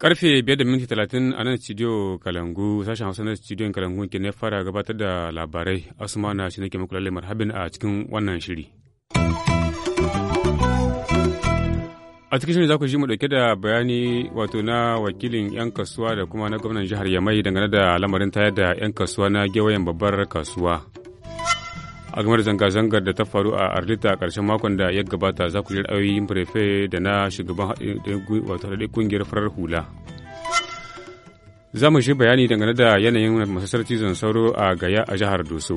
Karfe biyar da minti talatin a nan studio Kalangu, sashen Hausa na studio Kalangu ke ne fara gabatar da labarai. Asuma na shi nake muku lalle marhabin a cikin wannan shiri. a cikin shirin za ku ji mu dauke da bayani wato na wakilin 'yan kasuwa da kuma na gwamnan jihar yamai dangane da lamarin tayar da 'yan kasuwa na gewayen babbar kasuwa a game da zanga-zangar da ta faru a arlita a ƙarshen makon da ya gabata za ku ji ra'ayoyin prefe da na shugaban haɗe kungiyar farar hula za mu shi bayani dangane da yanayin masasar cizon sauro a gaya a jihar doso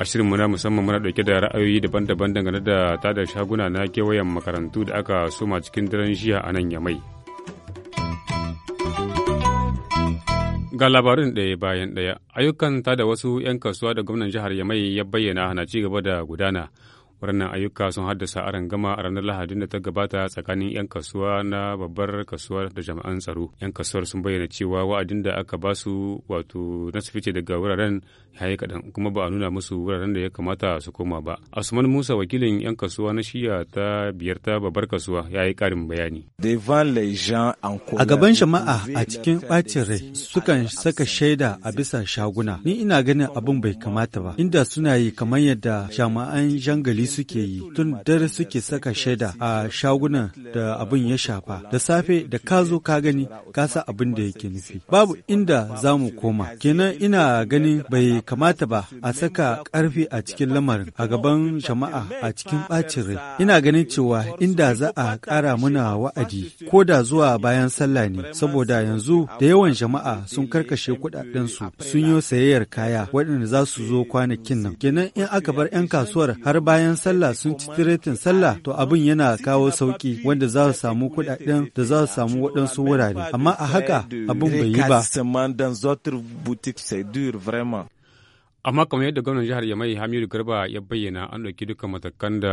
a shirinmu na musamman muna dauke da ra'ayoyi daban-daban dangane da tada shaguna na kewayen makarantu da aka soma cikin daren jiya a nan yamai ga labarin ɗaya bayan ɗaya ayyukan tada wasu 'yan kasuwa da gwamnan jihar yamai ya bayyana na ci gaba da gudana waɗannan ayyuka sun haddasa gama a ranar lahadin da ta gabata tsakanin 'yan kasuwa na babbar kasuwa da jami'an tsaro 'yan kasuwar sun bayyana cewa wa'adin da aka ba su wato na su fice daga wuraren ya yi kaɗan kuma ba a nuna musu wuraren da ya kamata su koma ba asuman musa wakilin 'yan kasuwa na shiya ta biyar ta babbar kasuwa ya yi ƙarin bayani a gaban jama'a a cikin ɓacin rai sukan saka shaida a bisa shaguna ni ina ganin abin bai kamata ba inda suna yi kamar yadda jama'an jangali suke yi tun dare suke saka shaida a shagunan da abin ya shafa da safe da ka zo ka gani ka sa abin da yake nufi babu inda za mu koma kenan ina ganin bai kamata ba a saka karfi a cikin lamarin a gaban jama'a a cikin bacin rai ina ganin cewa inda za a kara muna wa'adi ko da zuwa bayan sallah ne saboda yanzu da yawan jama'a sun karkashe su sun yi sayayyar kaya waɗanda za su zo kwanakin nan kenan in aka bar 'yan kasuwar har bayan sallah sun ci tiretin sallah to abin yana kawo sauki wanda za su samu kuɗaɗen da za su samu waɗansu wurare amma a haka abin bai yi ba amma kamar yadda gwamnan jihar yamai hamidu garba ya bayyana an ɗauki dukkan matakan da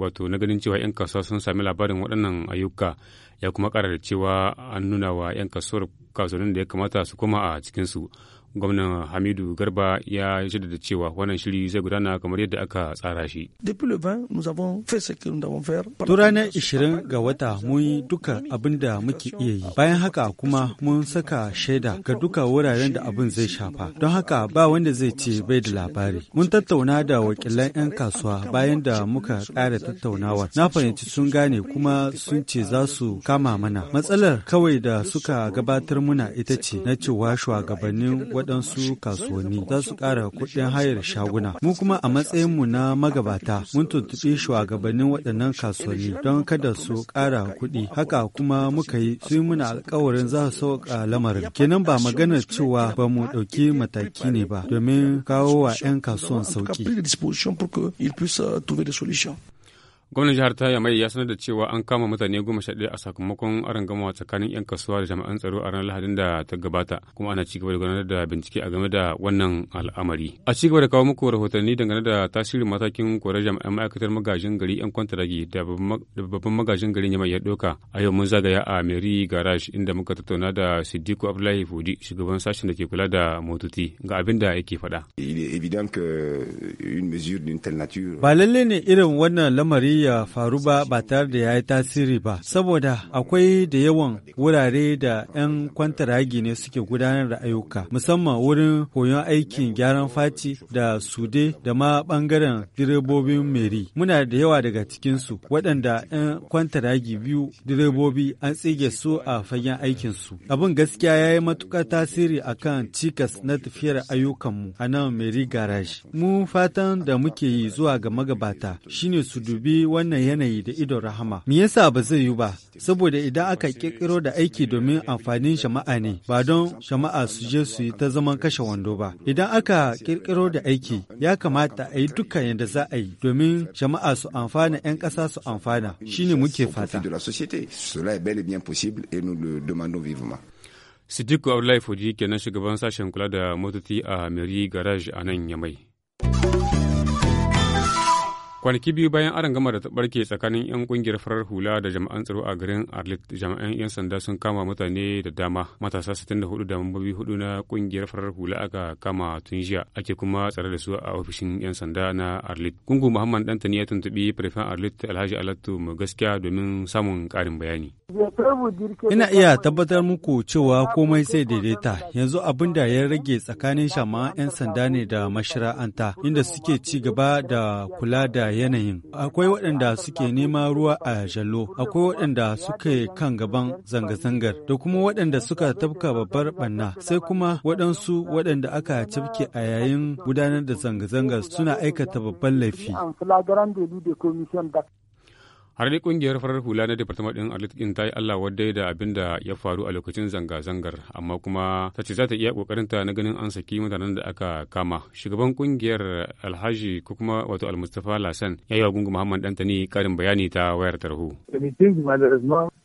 wato na ganin cewa 'yan kasuwa sun sami labarin waɗannan ayyuka ya kuma ƙara da cewa an nuna wa 'yan kasuwar kasuwannin da ya kamata su kuma a cikinsu gwamnan hamidu garba ya jaddada cewa wannan shiri zai gudana kamar yadda aka tsara shi tun ranar 20 ga wata mun yi duka abin da muke iya yi bayan haka kuma mun saka shaida ga duka wuraren da abin zai shafa don haka ba wanda zai ce bai da labari mun tattauna da wakilan 'yan kasuwa bayan da muka ƙara tattaunawar na fahimci sun gane kuma sun ce za su kama mana matsalar kawai da suka gabatar muna ita ce na cewa shugabannin waɗansu kasuwanni za su ƙara kuɗin hayar shaguna. Mu kuma a matsayinmu na magabata mun tuntuɓi shugabannin waɗannan kasuwanni don kada su ƙara kuɗi. Haka kuma muka yi su yi muna alkawarin za su sauƙa lamarin. Kenan ba maganar cewa ba mu ɗauki mataki ne ba domin kawo wa 'yan kasuwan sauƙi. Gwamnan jihar ta Yamai ya sanar da cewa an kama mutane goma sha ɗaya a sakamakon gama tsakanin 'yan kasuwa da jami'an tsaro a ranar Lahadin da ta gabata, kuma ana cigaba da gudanar da bincike a game da wannan al'amari. A cigaba da kawo muku rahotanni dangane da tasirin matakin kore jami'an ma'aikatar magajin gari 'yan kwantaragi da babban magajin gari Yamai ya ɗauka. A yau mun zagaya a Mary Garage inda muka tattauna da Siddiku Abdullahi Fudi, shugaban sashen da ke kula da motoci ga abin da yake faɗa. Ba lallai ne irin wannan lamari ya faru ba ba tare da ya yi tasiri ba saboda akwai da yawan wurare da 'yan kwantaragi ne suke gudanar da ayyuka musamman wurin koyon aikin gyaran faci da sude da ma bangaren direbobin meri muna da yawa daga cikinsu waɗanda 'yan kwantaragi biyu direbobi an tsige su a fagen aikinsu abin gaskiya ya yi matuƙar tasiri akan cikas na tafiyar ayyukanmu a nan meri garage mu fatan da muke yi zuwa ga magabata shine su dubi wannan yanayi da ido rahama. Me yasa ba zai yi ba? Saboda idan aka kirkiro da aiki domin amfanin shama'a ne, ba don shama'a su je su yi ta zaman kashe wando ba. Idan aka kirkiro da aiki, ya kamata a yi dukkan yadda za a yi domin shama'a su amfana 'yan ƙasa su amfana. Shine muke fata. Sidiku Abdullahi Fodi kenan shugaban sashen kula da motoci a Meri Garage a nan Yamai. kwanaki biyu bayan aron gama da ta barke tsakanin 'yan kungiyar farar hula da jama'an tsaro a garin arlit jama'an 'yan sanda sun kama mutane da dama matasa 64 da mambobi hudu na kungiyar farar hula aka kama tun jiya ake kuma tsare da su a ofishin 'yan sanda na arlit gungu muhammad dantani ya tuntubi firfan arlit alhaji alatu mu gaskiya domin samun karin bayani ina iya tabbatar muku cewa komai sai daidaita yanzu abin da ya rage tsakanin shama'an 'yan sanda ne da mashara'anta inda suke ci gaba da kula da yanayin. Akwai waɗanda suke nema ruwa a Jallo, akwai waɗanda suke kan gaban zanga-zangar, da kuma waɗanda suka tafka babbar ɓanna, sai kuma waɗansu waɗanda aka cafke a yayin gudanar da zanga-zangar suna aikata babban laifi. har dai kungiyar farar hula na departament din arlitin ta yi allah wadai da abin da ya faru a lokacin zanga-zangar amma kuma ta ce za ta iya kokarinta na ganin an saki mutanen da aka kama shugaban kungiyar alhaji ko kuma wato almustafa lasan ya yi wa gungu muhammad dantani karin bayani ta wayar tarho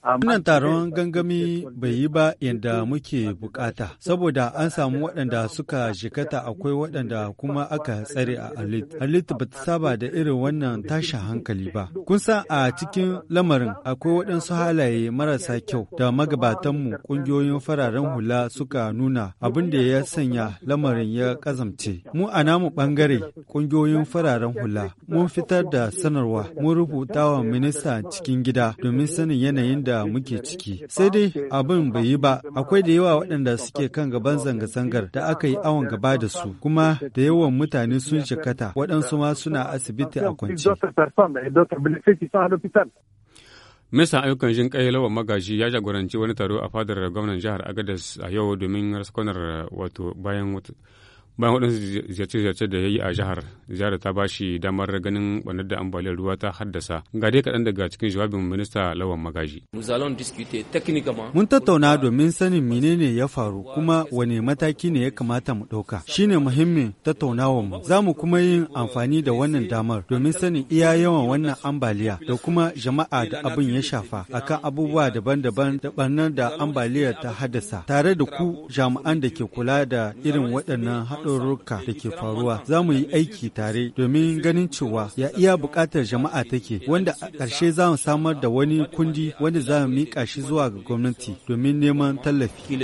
wannan taron gangami bai yi ba yadda muke bukata saboda an samu waɗanda suka jikata akwai waɗanda kuma aka tsare a alit alit ba ta saba da irin wannan tashin hankali ba kun san a cikin lamarin akwai waɗansu halaye marasa kyau da magabatanmu ƙungiyoyin fararen hula suka nuna abin da ya sanya lamarin ya ƙazamce. Mu a namu ɓangare ƙungiyoyin fararen hula mun fitar da sanarwa mun rubuta wa minista cikin gida domin sanin yanayin da muke ciki. Sai dai abin bai yi ba akwai da yawa waɗanda suke kan gaban zanga-zangar da aka yi awon gaba da su kuma da yawan mutane sun shakata waɗansu ma suna asibiti a kwance. Pakistan. Mista ayyukan jin kai lawan magaji ya jagoranci wani taro a fadar gwamnan jihar Agadez a yau domin raskunar wato bayan bayan waɗansu ziyarce-ziyarce da ya yi a jihar ziyarar ta ba shi damar ganin ɓannar da ambaliyar ruwa ta haddasa ga dai kaɗan daga cikin jawabin minista lawan magaji mun tattauna domin sanin menene ya faru kuma wane mataki ne ya kamata mu ɗauka shine muhimmin tattaunawa mu za mu kuma yin amfani da wannan damar domin sanin iya yawan wannan ambaliya da kuma jama'a da abin ya shafa akan abubuwa daban-daban da ɓannar da ambaliyar ta haddasa tare da ku jami'an da ke kula da irin waɗannan haɗurruka da ke faruwa za mu yi aiki tare domin ganin cewa ya iya buƙatar jama'a take wanda a ƙarshe za mu samar da wani kundi wanda za mu miƙa shi zuwa ga gwamnati domin neman tallafi.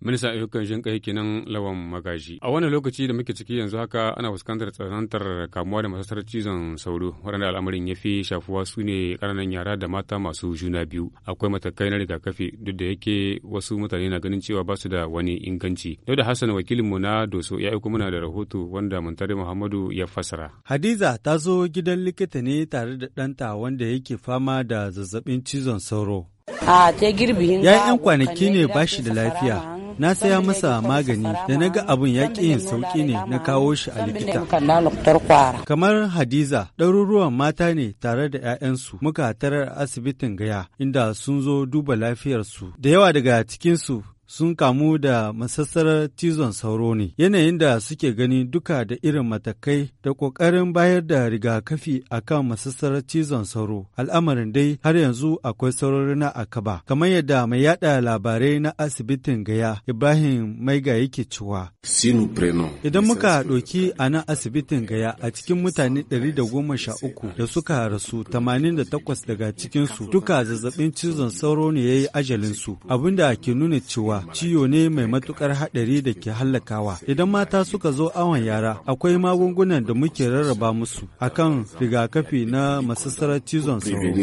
Minista ayyukan jin kai kenan lawan magaji. A wannan lokaci da muke ciki yanzu haka ana fuskantar tsanantar kamuwa da masasar cizon sauro waɗanda al'amarin ya fi shafuwa su ne ƙananan yara da mata masu juna biyu. Akwai matakai na rigakafi duk da yake wasu mutane na ganin cewa ba su da wani inganci. Dauda Hassan mu na Doso ya aiko muna da rahoto wanda muntare Muhammadu ya fassara. Hadiza ta zo gidan likita ne tare da ɗanta wanda yake fama da zazzabin cizon sauro. Ya 'yan kwanaki ne ba shi da lafiya. na saya masa magani da na ga abin ya yin sauƙi ne na kawo shi a likita. Kamar Hadiza, ɗaruruwan mata ne tare da 'ya'yansu muka tarar asibitin gaya inda sun zo duba lafiyarsu. Da yawa daga cikinsu sun kamu da masassarar cizon sauro ne. Yanayin da suke gani duka da irin matakai da ƙoƙarin bayar da rigakafi a kan masassarar cizon sauro. Al'amarin dai har yanzu akwai saurorina na akaba. Kamar yadda mai yada labarai na asibitin gaya Ibrahim Maiga yake cewa. Idan muka ɗauki a nan asibitin gaya a cikin mutane 113 da suka rasu 88 daga cikinsu duka zazzabin cizon sauro ne ya yi ajalinsu abinda ke nuna cewa ba ciwo ne mai matukar haɗari da ke hallakawa. Idan mata suka zo awon yara akwai magungunan da muke rarraba musu akan rigakafi na masassarar cizon sauro.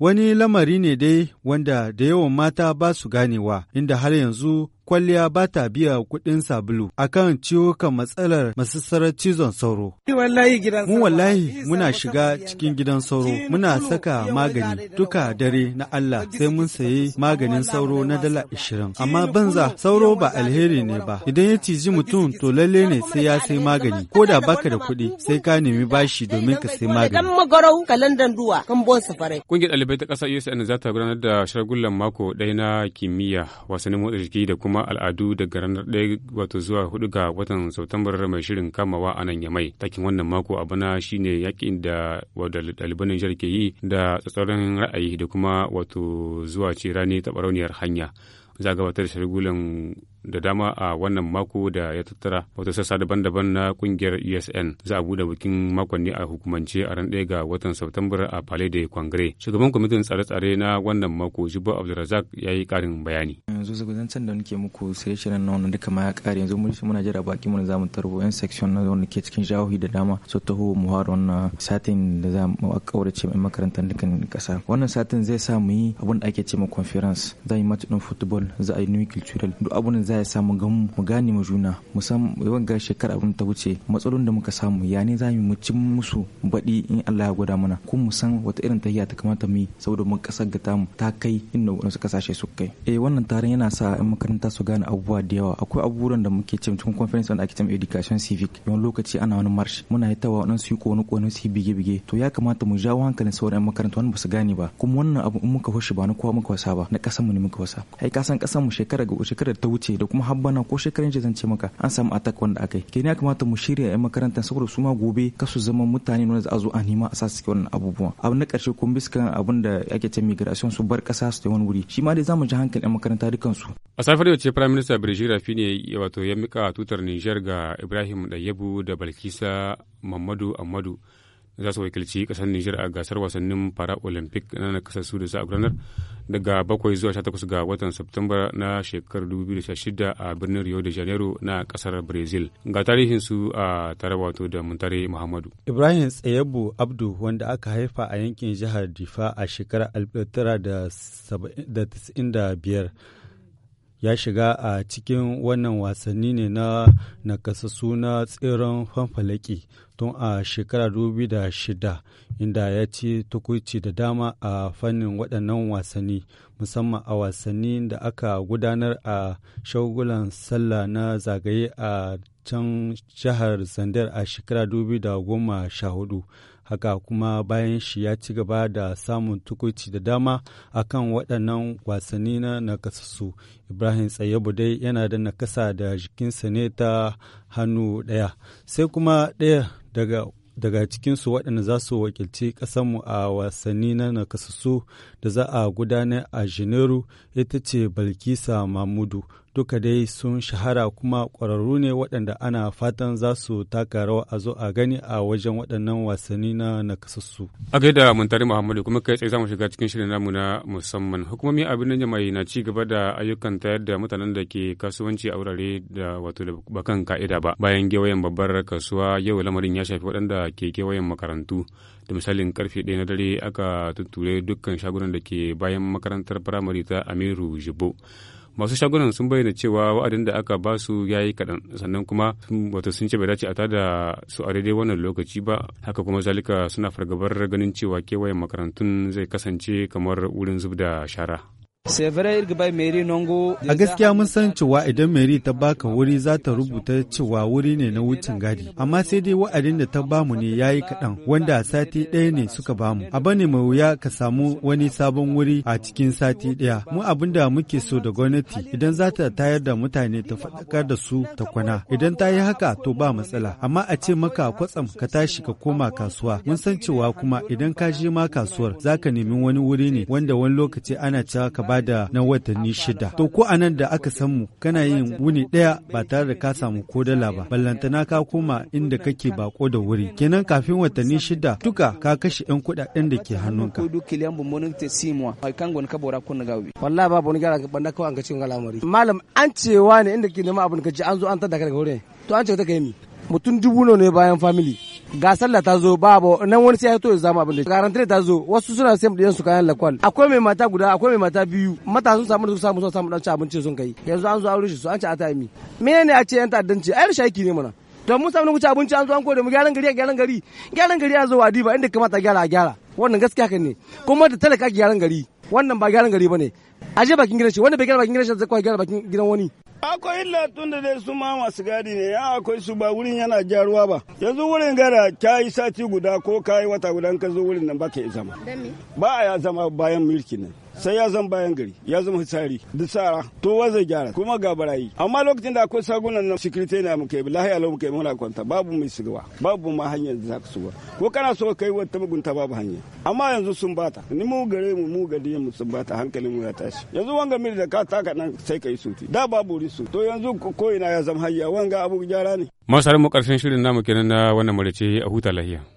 Wani lamari ne dai wanda da yawan mata ba su ganewa inda har yanzu kwalliya ba ta biya kuɗin sabulu akan ciwukan matsalar masassarar cizon sauro. Mu wallahi muna shiga cikin gidan sauro muna saka magani duka dare na Allah sai mun sayi maganin sauro na dala ishirin. Amma banza sauro ba alheri ne ba idan ya ciji mutum to lalle ne sai ya sai magani ko da baka da kuɗi sai ka nemi bashi domin ka sai magani. Kungiyar ɗalibai ta ƙasa USN za gudanar da shagulan mako ɗaya na kimiyya wasannin motsa jiki da kuma kuma al'adu daga ranar 1 wato zuwa 4 ga watan Satumbar mai shirin kamawa a nan Yamai. Takin wannan mako a bana shine yakin da wadda ɗaliban Nijar ke yi da tsatsauran ra'ayi da kuma wato zuwa ce rani ta barauniyar hanya. Za gabatar da shirgulan da dama a wannan mako da ya tattara wata sassa daban-daban na kungiyar ESN za a bude bikin makonni a hukumance a ran daya ga watan Satumbar a Palais de Congrès. Shugaban kwamitin tsare-tsare na wannan mako Jibo Abdulrazak ya yi karin bayani. Yanzu zagudancen da nake muku sai shiryen na wannan duka ma ya kare yanzu mun muna jira baki mun zamu tarbo yan section na wanda ke cikin jahohi da dama su taho mu har wannan satin da za mu kaurace mai makarantar dukkan kasa. Wannan satin zai sa mu yi abin da ake ce ma conference za yi match din football za a yi new cultural duk abun da ya samu ga mu gane mu juna musamman wanga shekara abin ta wuce matsalolin da muka samu ya ne za mu ci musu baɗi in Allah ya gwada mana kun mu san wata irin tahiya ta kamata mu yi saboda mun kasar ga mu ta kai inda wasu kasashe su kai eh wannan taron yana sa yan makaranta su gane abubuwa da yawa akwai abubuwan da muke cewa cikin conference wanda ake education civic yawan lokaci ana wani march muna yi tawa wadansu yi kone kone su bige bige to ya kamata mu jawo hankalin sauran yan makaranta wani ba su gane ba kuma wannan abu in muka hoshi ba na kowa muka wasa ba na kasan mu ne muka wasa ka san kasan mu shekara ga shekara ta wuce da da kuma habbana ko shekaran jiya zance maka an samu attack wanda akai kenan ya kamata mu shirya yan makaranta saboda su ma gobe kasu zama mutane ne za a zo a nima a sa su wannan abubuwan abu na karshe kun biskan abin da ake ce migration su bar kasa su ta wani wuri shi ma dai zamu ji hankali a makaranta dukan su a safar yau ce prime minister Brigitte Rafini wato ya mika tutar Niger ga Ibrahim yabu da Balkisa Mamadu Amadu za su wakilci kasar Nijar a gasar wasannin para-olympic na su da za a gudanar daga bakwai zuwa 18 ga watan Satumba na shekarar 2016 a birnin Rio de Janeiro na kasar Brazil. Ga tarihin su a tare wato da Muntare Muhammadu. Ibrahim Tsayabu Abdu wanda aka haifa a yankin jihar Difa a shekarar 1995 ya shiga a cikin wannan wasanni ne na nakasassu na tseren fanfalaki tun a shekara da shida inda ya ci tukuci da dama a fannin waɗannan wasanni musamman a wasanni da aka gudanar a shagulan sallah na zagaye a can jihar zandar a shekara hudu. haka kuma bayan shi ya ci gaba da samun tukuci da dama a kan waɗannan wasanni na nakasassu ibrahim tsayabu dai yana da nakasa da jikinsa ne ta hannu ɗaya sai kuma ɗaya daga daga cikinsu waɗanda za su wakilci ƙasarmu a wasanni na nakasassu da za a gudanar a janairu ita ce balkisa mamudu duka dai sun shahara kuma ƙwararru ne waɗanda ana fatan za su taka rawa a zo a gani a wajen waɗannan wasanni na nakasassu. A gaida Muntari Muhammadu kuma kai tsaye zamu shiga cikin shirin namu na musamman. Hukumomi a birnin Jamai na ci gaba da ayyukan tayar da mutanen da ke kasuwanci a wurare da wato da bakan ka'ida ba. Bayan gewayen babbar kasuwa yau lamarin ya shafi waɗanda ke gewayen makarantu. Da misalin karfe ɗaya na dare aka tutture dukkan shagunan da ke bayan makarantar firamare ta Amiru Jibo. masu shagunan sun bayyana cewa wa'adin da aka ba su ya yi kaɗan sannan kuma wato sun ce bai dace a tada su a daidai wannan lokaci ba haka kuma zalika suna fargabar ganin cewa kewayen makarantun zai kasance kamar wurin zub da shara. A gaskiya mun san cewa idan Mary ta baka wuri za ta rubuta cewa wuri ne na wucin gadi, amma sai dai wa'adin da ta bamu ne ya yi kaɗan wanda sati ɗaya ne suka bamu. Aba ne mai wuya ka samu wani sabon wuri a cikin sati ɗaya. Mu abin da muke so da gwamnati idan za ta tayar da mutane ta faɗakar da su ta kwana. Idan ta yi haka to ba matsala, amma a ce maka kwatsam ka tashi ka koma kasuwa. Mun san cewa kuma idan ka je ma kasuwar za ka nemi wani wuri ne wanda wani lokaci ana cewa ka ba bada na watanni shida to ko anan da aka samu kana yin wuni ɗaya ba tare da ka samu ko dala ba ballantana ka koma inda kake bako da wuri kenan kafin watanni shida duka ka kashe yan kuɗaɗen da ke hannunka wallahi babu wani gara banda kawai an ka cikin al'amari malam an cewa ne inda ke neman abin ka ji an zo an tada daga wurin to an ce ta kai mi mutum dubu ne bayan family ga sallah ta zo babu nan wani sai ya to ya zama abin da garantir ta zo wasu suna sai mu su kayan lakwal akwai mai mata guda akwai mai mata biyu mata sun samu da su samu sun samu dan ci abinci sun kai yanzu an zo aure shi su an ci ata mi menene a ce yan ta'addanci ai shaki ne mana don mun samu ci abinci an zo an kore mu gyaran gari a gyaran gari gyaran gari a zo wa diba inda kamata gyara a gyara wannan gaskiya kan ne kuma da talaka gyaran gari wannan ba gyaran gari bane aje bakin gidan shi wanda bai gyara bakin gidan shi zai kwa gyara bakin gidan wani akwai illa tun da dai su ma masu gadi ne ya akwai su ba wurin yana jaruwa ba yanzu wurin gara ka yi sati guda ko ka yi wata guda ka zo wurin nan ba ka yi zama ba a ya zama bayan mulki ne sai ya zama bayan gari ya zama fitsari da tsara to wa zai gyara kuma ga barayi amma lokacin da akwai sagunan na sikirite na muke bi lahiya lau muke muna kwanta babu mai sigawa babu ma hanyar da za ka suwa ko kana so kai wata mugunta babu hanya amma yanzu sun bata ni mu gare mu mu gari mu sun bata hankalin mu ya tashi yanzu wanga mil da ka taka nan sai kai suti da babu risu to yanzu ko ina ya zama hayya wanga abu gyara ne masarin mu karshen shirin namu kenan na wannan marice a huta lahiya